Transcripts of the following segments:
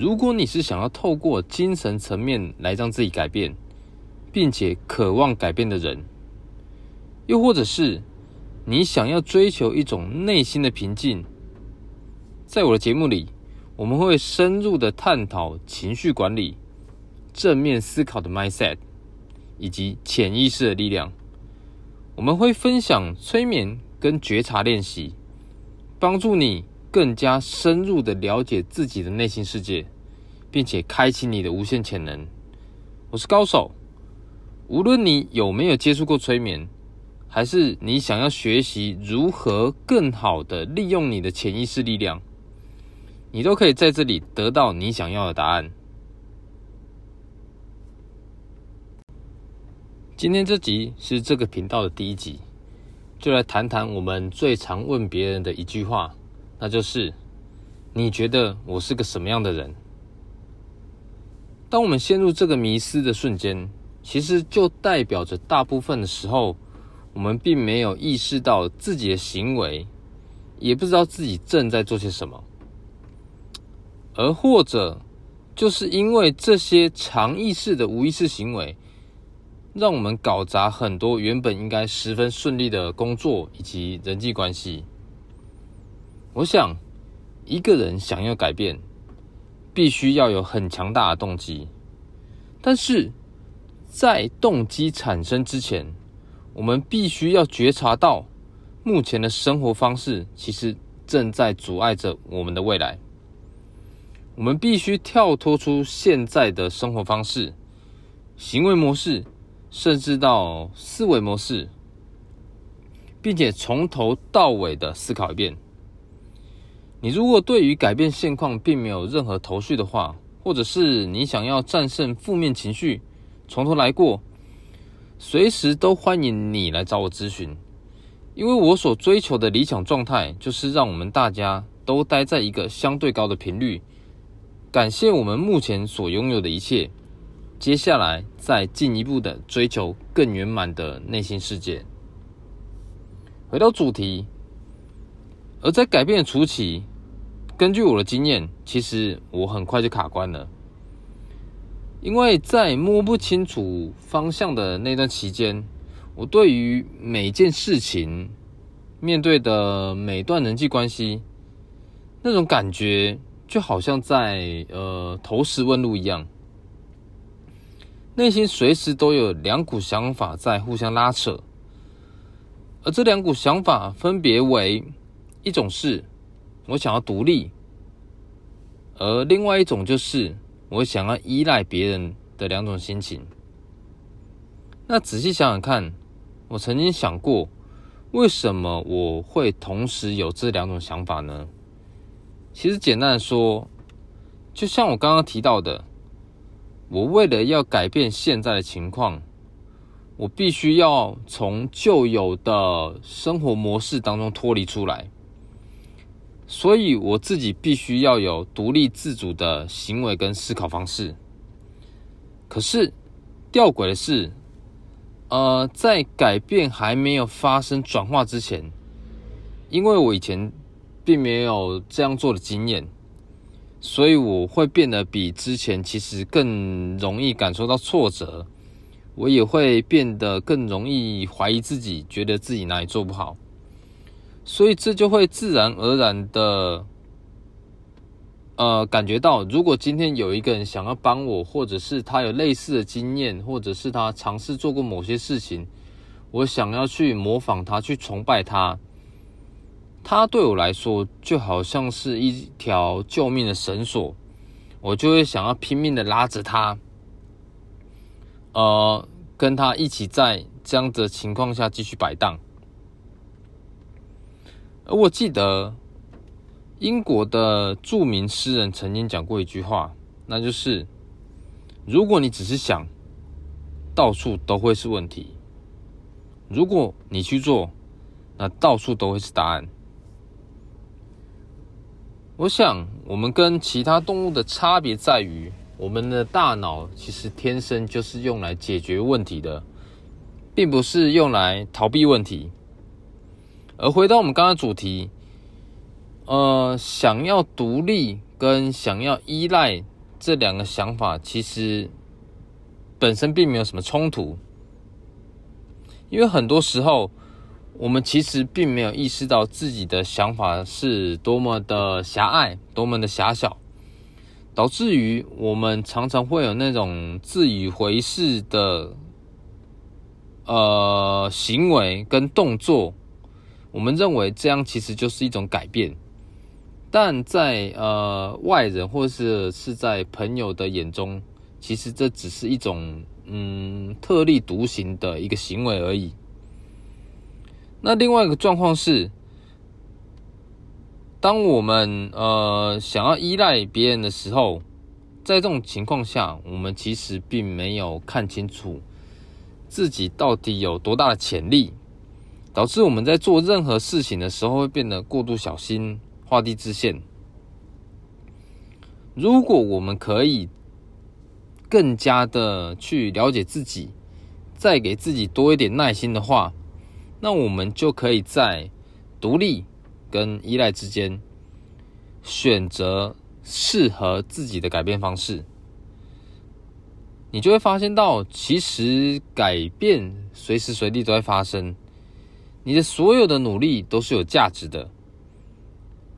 如果你是想要透過精神層面來讓自己改變，並且渴望改變的人，又或者是你想要追求一種內心的平靜，在我的節目裡，我們會深入的探討情緒管理、正面思考的 mindset 以及潛意識的力量。我們會分享催眠跟覺察練習，幫助你。更加深入的了解自己的內心世界，並且開啟你的無限潛能。我是高手，無論你有沒有接觸過催眠，還是你想要學習如何更好的利用你的潛意識力量，你都可以在這裡得到你想要的答案。今天這集是這個頻道的第一集，就來談談我們最常問別人的一句話。那就是，你覺得我是個什麼樣的人？當我們陷入這個迷思的瞬間，其實就代表着大部分的時候，我們並沒有意識到自己的行為，也不知道自己正在做些什麼。而或者就是因為這些常意識的無意識行為，讓我們搞砸很多原本應該十分順利的工作以及人際關係。我想，一個人想要改變，必須要有很強大的動機。但是，在動機產生之前，我們必須要覺察到，目前的生活方式其實正在阻礙着我們的未來。我們必須跳脫出現在的生活方式、行為模式，甚至到思維模式，並且從頭到尾的思考一遍。你如果對於改變現況並沒有任何頭緒的話，或者是你想要戰勝負面情緒，從頭來過，隨時都歡迎你來找我諮詢，因為我所追求的理想狀態就是讓我們大家都待在一個相對高的頻率，感謝我們目前所擁有的一切，接下來再進一步的追求更圓滿的內心世界。回到主題，而在改變的初期。根據我的經驗，其實我很快就卡關了，因為在摸不清楚方向的那段期間，我對於每件事情、面對的每段人際關係，那種感覺就好像在呃投石問路一樣，內心隨時都有兩股想法在互相拉扯，而這兩股想法分別為一種是。我想要獨立，而另外一種就是我想要依賴別人的兩種心情。那仔細想想看，我曾經想過，為什麼我會同時有這兩種想法呢？其實簡單的說，就像我剛剛提到的，我為了要改變現在的情況，我必須要從舊有的生活模式當中脫離出來。所以我自己必須要有獨立自主的行為跟思考方式。可是弔詭的是，呃，在改變還沒有發生轉化之前，因為我以前並沒有這樣做的經驗，所以我會變得比之前其實更容易感受到挫折，我也會變得更容易懷疑自己，覺得自己哪裡做不好。所以這就會自然而然的，呃，感覺到，如果今天有一個人想要幫我，或者是他有類似的經驗，或者是他嘗試做過某些事情，我想要去模仿他，去崇拜他，他對我來說就好像是一條救命的繩索，我就會想要拼命的拉着他，呃，跟他一起在這樣子的情況下繼續擺盪。而我記得，英國的著名詩人曾經講過一句話，那就是：如果你只是想，到處都會是問題；如果你去做，那到處都會是答案。我想，我們跟其他動物的差別在於，我們的大腦其實天生就是用來解決問題的，並不是用來逃避問題。而回到我們剛剛主題，呃，想要獨立跟想要依賴這兩個想法，其實本身並沒有什麼衝突，因為很多時候我們其實並沒有意識到自己的想法是多麼的狹隘、多麼的狹小，導致於我們常常會有那種自以為是的呃行為跟動作。我們認為這樣其實就是一種改變，但在呃外人或者是是在朋友的眼中，其實這只是一種嗯特立獨行的一個行為而已。那另外一個狀況是，當我們呃想要依賴別人的時候，在這種情況下，我們其實並沒有看清楚自己到底有多大的潛力。導致我們在做任何事情的時候會變得過度小心，畫地自限。如果我們可以更加的去了解自己，再給自己多一點耐心的話，那我們就可以在獨立跟依賴之間選擇適合自己的改變方式。你就會發現到，其實改變隨時隨地都會發生。你的所有的努力都是有價值的，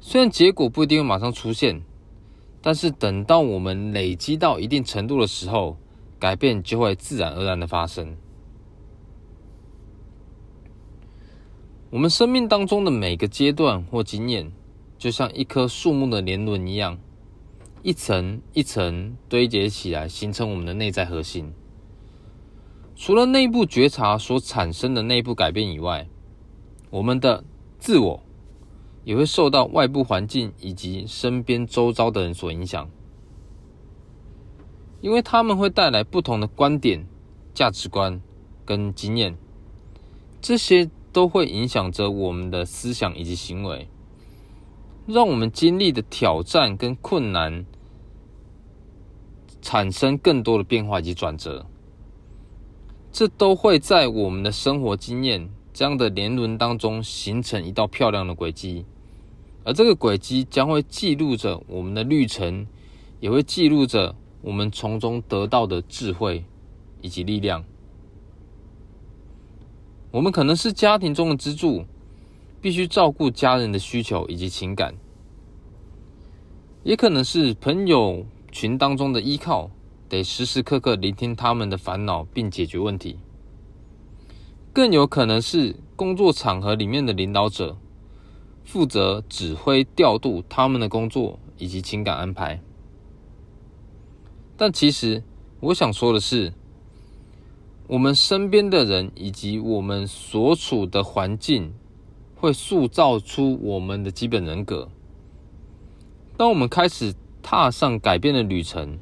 雖然結果不一定會馬上出現，但是等到我們累積到一定程度的時候，改變就會自然而然的發生。我們生命當中的每個階段或經驗，就像一棵樹木的年輪一樣，一層一層堆疊起來，形成我們的內在核心。除了內部覺察所產生的內部改變以外，我們的自我也會受到外部環境以及身邊周遭的人所影響，因為他們會帶來不同的觀點、價值觀跟經驗，這些都會影響着我們的思想以及行為，讓我們經歷的挑戰跟困難產生更多的變化以及轉折，這都會在我們的生活經驗。這樣的年輪當中形成一道漂亮的軌跡，而這個軌跡將會記錄着我們的旅程，也會記錄着我們從中得到的智慧以及力量。我們可能是家庭中的支柱，必須照顧家人的需求以及情感；也可能是朋友群當中的依靠，得時時刻刻聆聽他們的煩惱並解決問題。更有可能是工作場合裡面的領導者，負責指揮調度他們的工作以及情感安排。但其實我想說的是，我們身邊的人以及我們所處的環境，會塑造出我們的基本人格。當我們開始踏上改變的旅程，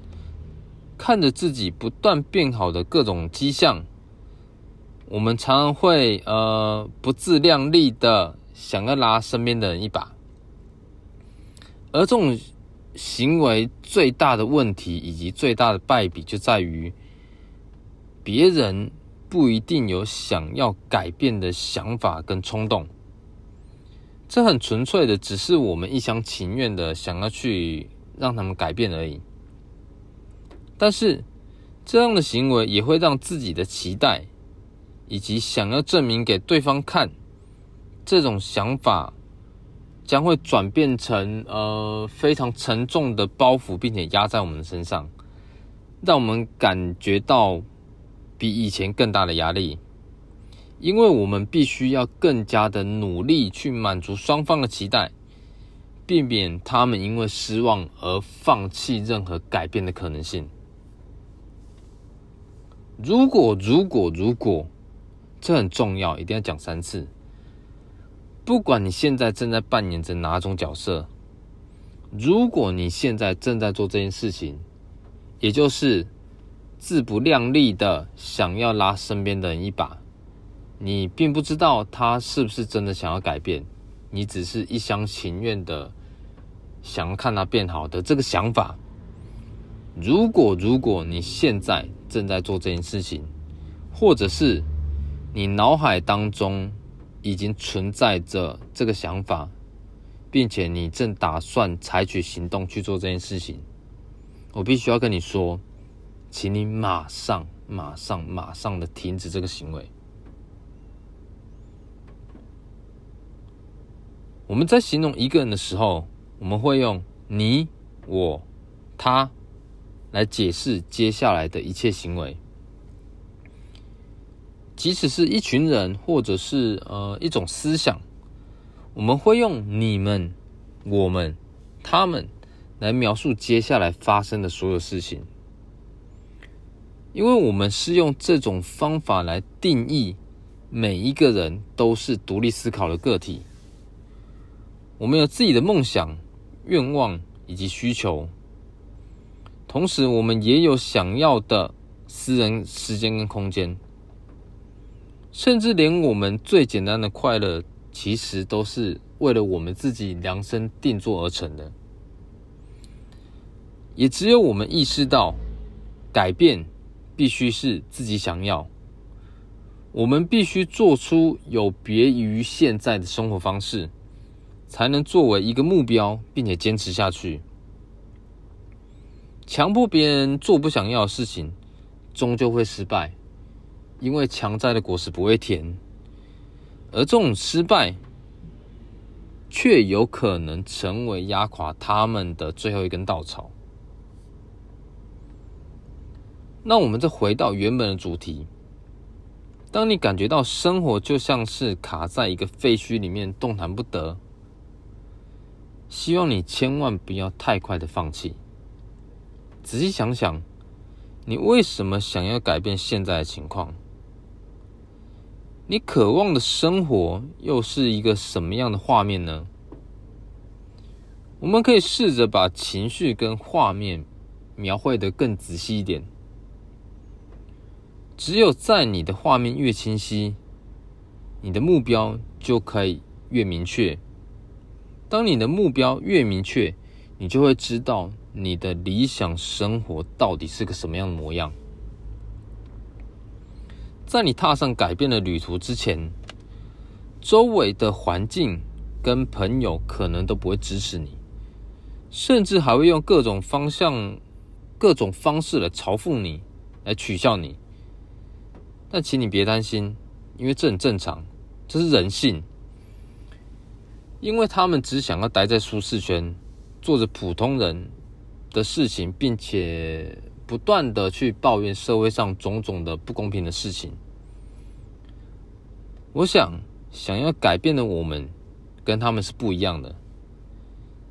看着自己不斷變好的各種跡象。我們常常會呃不自量力的想要拉身邊的人一把，而這種行為最大的問題以及最大的敗筆就在於，別人不一定有想要改變的想法跟衝動，這很純粹的只是我們一廂情願的想要去讓他們改變而已，但是這樣的行為也會讓自己的期待。以及想要證明給對方看，這種想法將會轉變成呃非常沉重的包袱，並且壓在我們身上，讓我們感覺到比以前更大的壓力，因為我們必須要更加的努力去滿足雙方的期待，避免他們因為失望而放棄任何改變的可能性。如果如果如果。如果這很重要，一定要講三次。不管你現在正在扮演着哪種角色，如果你現在正在做這件事情，也就是自不量力的想要拉身邊的人一把，你並不知道他是不是真的想要改變，你只是一廂情願的想要看他變好的這個想法。如果如果你現在正在做這件事情，或者是。你腦海當中已經存在着這個想法，並且你正打算採取行動去做這件事情。我必須要跟你說，請你馬上、馬上、馬上的停止這個行為。我們在形容一個人的時候，我們會用你、我、他來解釋接下來的一切行為。即使是一群人，或者是呃一種思想，我們會用你們、我們、他們來描述接下來發生的所有事情。因為我們是用這種方法來定義每一個人都是獨立思考的個體。我們有自己的夢想、願望以及需求。同時我們也有想要的私人時間跟空間。甚至連我們最簡單的快樂，其實都是為了我們自己量身定做而成的。也只有我們意識到，改變必須是自己想要。我們必須做出有別於現在的生活方式，才能作為一個目標，並且堅持下去。強迫別人做不想要的事情，終究會失敗。因為強摘的果實不會甜，而這種失敗，卻有可能成為壓垮他們的最後一根稻草。那我們再回到原本的主題，當你感覺到生活就像是卡在一個廢墟裡面，動彈不得，希望你千萬不要太快的放棄。仔細想想，你為什麼想要改變現在的情況？你渴望的生活又是一個什麼樣的畫面呢？我們可以試着把情緒跟畫面描繪得更仔細一點。只有在你的畫面越清晰，你的目標就可以越明確。當你的目標越明確，你就會知道你的理想生活到底是個什麼樣的模樣。在你踏上改變的旅途之前，周圍的環境跟朋友可能都不會支持你，甚至還會用各種方向、各種方式來嘲諷你、來取笑你。但請你別擔心，因為這很正常，這是人性。因為他們只想要待在舒適圈，做着普通人的事情，並且，不斷的去抱怨社會上種種的不公平的事情。我想想要改變的我們跟他們是不一樣的。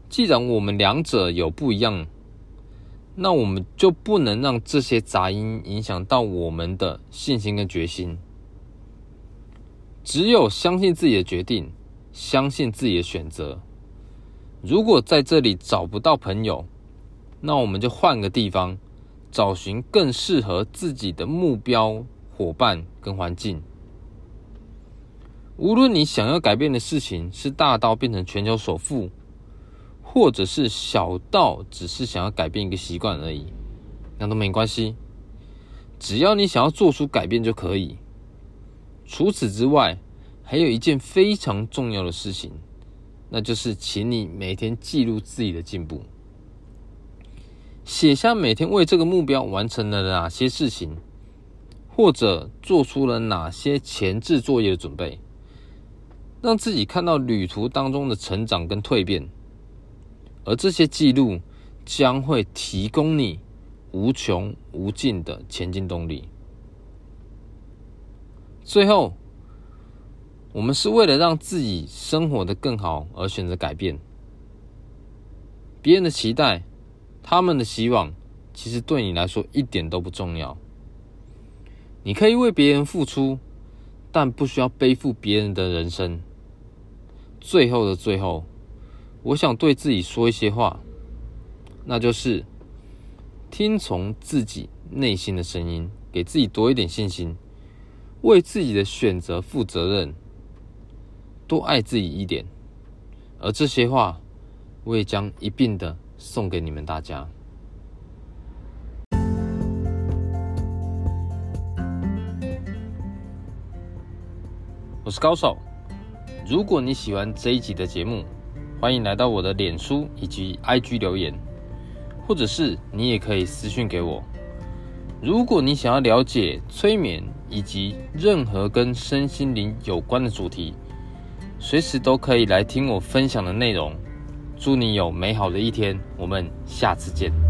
既然我們兩者有不一樣，那我們就不能讓這些雜音影響到我們的信心跟決心。只有相信自己的決定，相信自己的選擇。如果在這裡找不到朋友，那我們就換個地方，找尋更適合自己的目標、夥伴跟環境。無論你想要改變的事情是大到變成全球首富，或者是小到只是想要改變一個習慣而已，那都沒關係。只要你想要做出改變就可以。除此之外，還有一件非常重要的事情，那就是請你每天記錄自己的進步。寫下每天為這個目標完成了哪些事情，或者做出了哪些前置作業的準備，讓自己看到旅途當中的成長跟蛻變，而這些記錄將會提供你無窮無盡的前進動力。最後，我們是為了讓自己生活得更好而選擇改變，別人的期待。他們的希望，其實對你來說一點都不重要。你可以為別人付出，但不需要背負別人的人生。最後的最後，我想對自己說一些話，那就是聽從自己內心的聲音，給自己多一點信心，為自己的選擇負責任，多愛自己一點。而這些話，我也將一併的。送給你們大家。我是高手。如果你喜歡這一集的節目，歡迎來到我的臉書以及 IG 留言，或者是你也可以私訊給我。如果你想要了解催眠以及任何跟身心靈有關的主題，隨時都可以來聽我分享的內容。祝你有美好的一天，我們下次見。